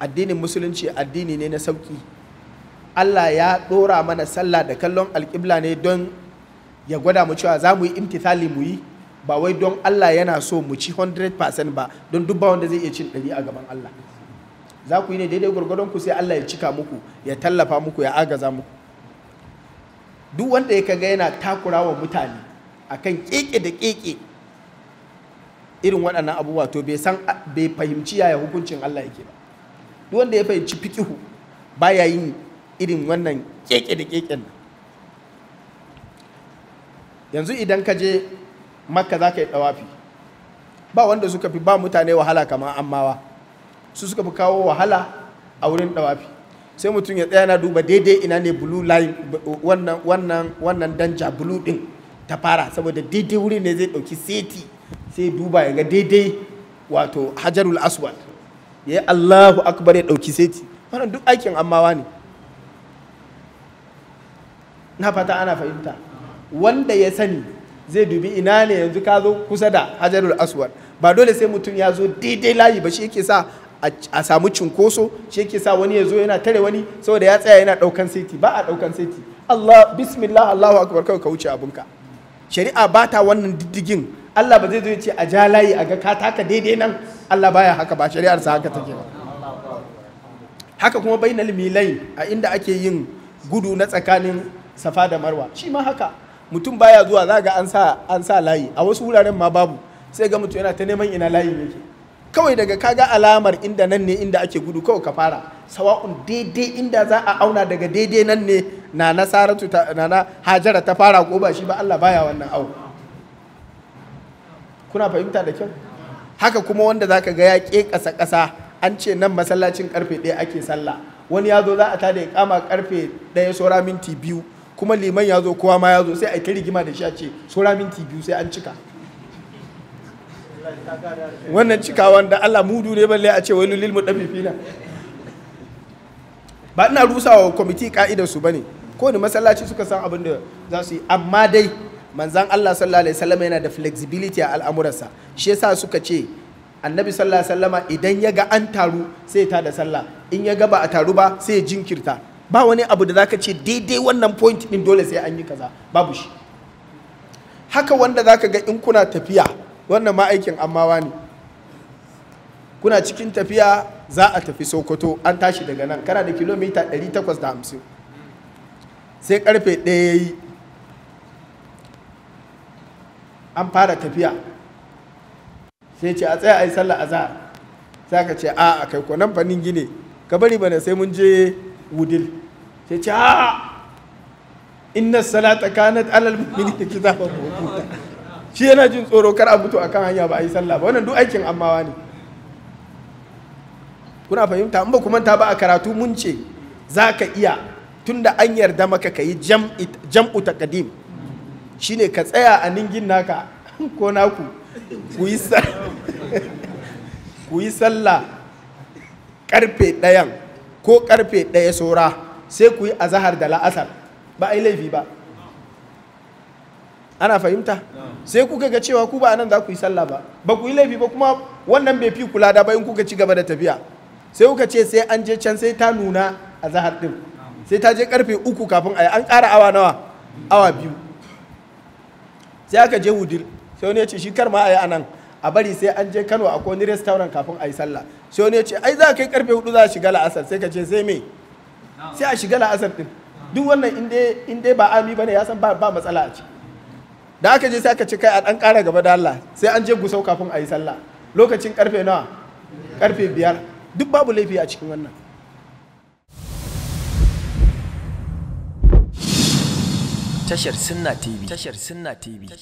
addinin musulunci addini ne na sauki Allah ya ɗora mana sallah da kallon alƙibla ne don ya gwada mu cewa za mu yi imtithali mu yi ba wai don Allah yana so mu ci 100% ba don duk wanda zai iya cin ɗari a gaban Allah za ku yi ne daidai gwargwadon ku sai Allah ya cika muku ya tallafa muku ya agaza muku duk wanda ya kaga yana takura wa mutane akan keke da keke irin waɗannan abubuwa to bai san bai fahimci yaya hukuncin Allah yake ba duk wanda ya fahimci fikihu baya yin irin wannan keke da keken nan yanzu idan ka je makka za ka yi dawafi ba wanda suka fi ba mutane wahala kamar ammawa su suka fi kawo wahala a wurin dawafi sai mutum ya tsaya na duba daidai ina ne blue line wannan wannan danja blue din ta fara saboda daidai wuri ne zai dauki seti sai duba ya ga daidai wato hajarul aswad ya yi allahu akbar ya ɗauki saiti wannan duk aikin ammawa ne na fata ana fahimta wanda ya sani zai dubi ina ne yanzu ka zo kusa da hajarul aswar ba dole sai mutum ya zo daidai layi ba shi yake sa a samu cunkoso shi yake sa wani ya zo yana tare wani saboda ya tsaya yana ɗaukan seti ba a ɗaukan seti Allah bismillah Allahu akbar kawai ka wuce abinka shari'a ba ta wannan diddigin Allah ba zai zo ya ce a ja layi a ga ka taka daidai nan Allah baya haka ba shari'ar sa haka take ba haka kuma bainal milai a inda ake yin gudu na tsakanin safa da marwa shi ma haka mutum baya zuwa za ga an sa an sa layi a wasu wuraren ma babu sai ga mutum yana ta neman ina layin yake kawai daga kaga alamar inda nan ne inda ake gudu kawai ka fara sawa'un daidai inda za a auna daga daidai nan ne na nasaratu ta na na hajara ta fara ko ba shi ba Allah baya wannan au kuna fahimta da kyau haka kuma wanda zaka ga ya ke kasa kasa an ce nan masallacin karfe ɗaya ake sallah wani ya zo za a tada ya kama karfe ɗaya saura minti biyu kuma liman ya zo kowa ma ya zo sai a ta rigima da shi a ce saura minti biyu sai an cika wannan cika da Allah mudu ne balle a ce wai lulil fifina ba ina rusa wa kwamiti ka'idar su bane ko ni masallaci suka san abin da za su yi amma dai manzan Allah sallallahu alaihi wasallam yana da flexibility a al'amuransa shi yasa suka ce annabi sallallahu alaihi wasallama idan ya ga an taru sai ta da sallah in ya ga ba a taru ba sai ya jinkirta ba wani abu da zaka ce daidai wannan point din dole sai an yi kaza babu shi haka wanda zaka ga in kuna tafiya wannan ma aikin ammawa ne kuna cikin tafiya za a tafi sokoto an tashi daga nan kana da kilomita 850 sai karfe ɗaya ya yi an fara tafiya sai ce a tsaye a yi sallah a za. sai ka ce a kai ko nan fannin gine ka bari bana sai mun je wudil sai ce a inna salata kanat alal mu'minina kitaba mawquta shi yana jin tsoro kar a mutu akan hanya ba a yi sallah ba wannan duk aikin ammawa ne kuna fahimta in ba ta ba a karatu mun ce za ka iya tunda an yarda maka ka yi jam'u taqdim shine ka tsaya a ningin naka ko naku ku yi sallah karfe ɗayan ko karfe ɗaya saura sai ku yi azahar da la'asar ba a yi laifi ba ana fahimta sai kuka ga cewa ku ba nan za ku yi sallah ba ba ku yi laifi ba kuma wannan bai fi kula da bayan kuka ci gaba da tafiya sai kuka ce sai an je can sai ta nuna a zahar din sai ta je karfe uku kafin a yi an ƙara awa nawa awa biyu sai aka je hudir sai wani ya ce shi kar ma a yi anan a bari sai an je kano a wani restaurant kafin a yi sallah sai wani ya ce ai za a kai karfe hudu za a shiga la'asar sai ka ce sai me sai a shiga la'asar din duk wannan in dai ba ami bane ya san ba matsala a ciki da aka je sai aka ce kai a dan kara gaba da Allah sai an je gusau kafin a yi sallah lokacin karfe nawa karfe biyar duk babu laifi a cikin wannan tashar sunna tv tashar sunna tv